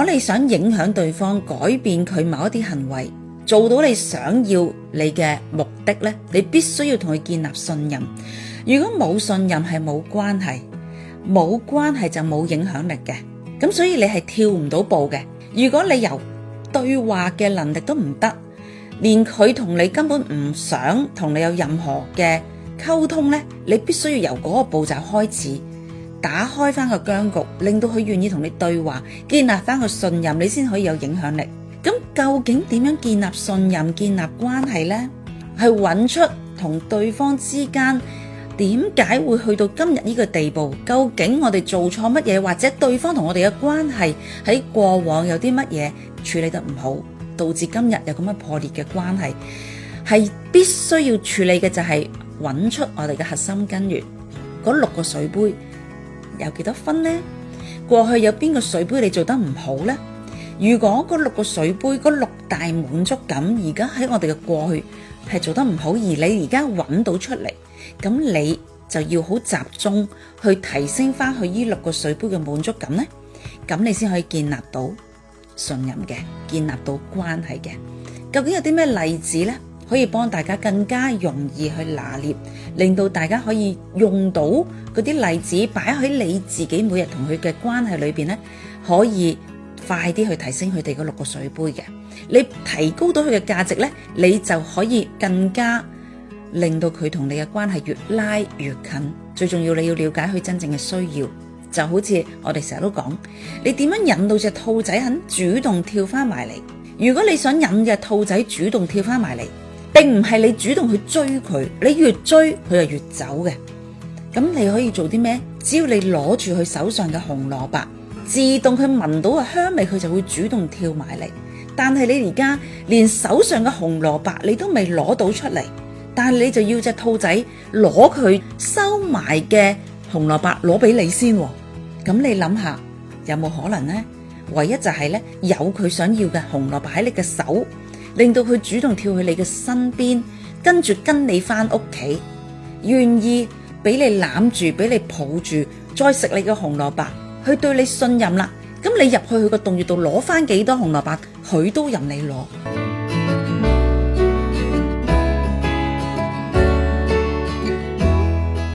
如果你想影響對方、改變佢某一啲行為，做到你想要你嘅目的咧，你必須要同佢建立信任。如果冇信任係冇關係，冇關係就冇影響力嘅。咁所以你係跳唔到步嘅。如果你由對話嘅能力都唔得，連佢同你根本唔想同你有任何嘅溝通咧，你必須要由嗰個步驟開始。打開翻個僵局，令到佢願意同你對話，建立翻個信任，你先可以有影響力。咁究竟點樣建立信任、建立關係呢？係揾出同對方之間點解會去到今日呢個地步？究竟我哋做錯乜嘢？或者對方同我哋嘅關係喺過往有啲乜嘢處理得唔好，導致今日有咁嘅破裂嘅關係，係必須要處理嘅就係、是、揾出我哋嘅核心根源嗰六個水杯。有幾多分呢？過去有邊個水杯你做得唔好呢？如果嗰六個水杯，嗰六大滿足感而家喺我哋嘅過去係做得唔好，而你而家揾到出嚟，咁你就要好集中去提升翻去呢六個水杯嘅滿足感呢。咁你先可以建立到信任嘅，建立到關係嘅。究竟有啲咩例子呢？可以幫大家更加容易去拿捏，令到大家可以用到嗰啲例子擺喺你自己每日同佢嘅關係裏邊咧，可以快啲去提升佢哋嗰六個水杯嘅。你提高到佢嘅價值咧，你就可以更加令到佢同你嘅關係越拉越近。最重要你要了解佢真正嘅需要，就好似我哋成日都講，你點樣引到隻兔仔肯主動跳翻埋嚟？如果你想引隻兔仔主動跳翻埋嚟，並唔係你主動去追佢，你越追佢就越走嘅。咁你可以做啲咩？只要你攞住佢手上嘅紅蘿蔔，自動佢聞到個香味，佢就會主動跳埋嚟。但係你而家連手上嘅紅蘿蔔你都未攞到出嚟，但係你就要隻兔仔攞佢收埋嘅紅蘿蔔攞俾你先。咁你諗下有冇可能呢？唯一就係呢，有佢想要嘅紅蘿蔔喺你嘅手。令到佢主動跳去你嘅身邊，跟住跟你翻屋企，願意俾你攬住，俾你抱住，再食你嘅紅蘿蔔，佢對你信任啦。咁你入去佢個洞穴度攞翻幾多紅蘿蔔，佢都任你攞。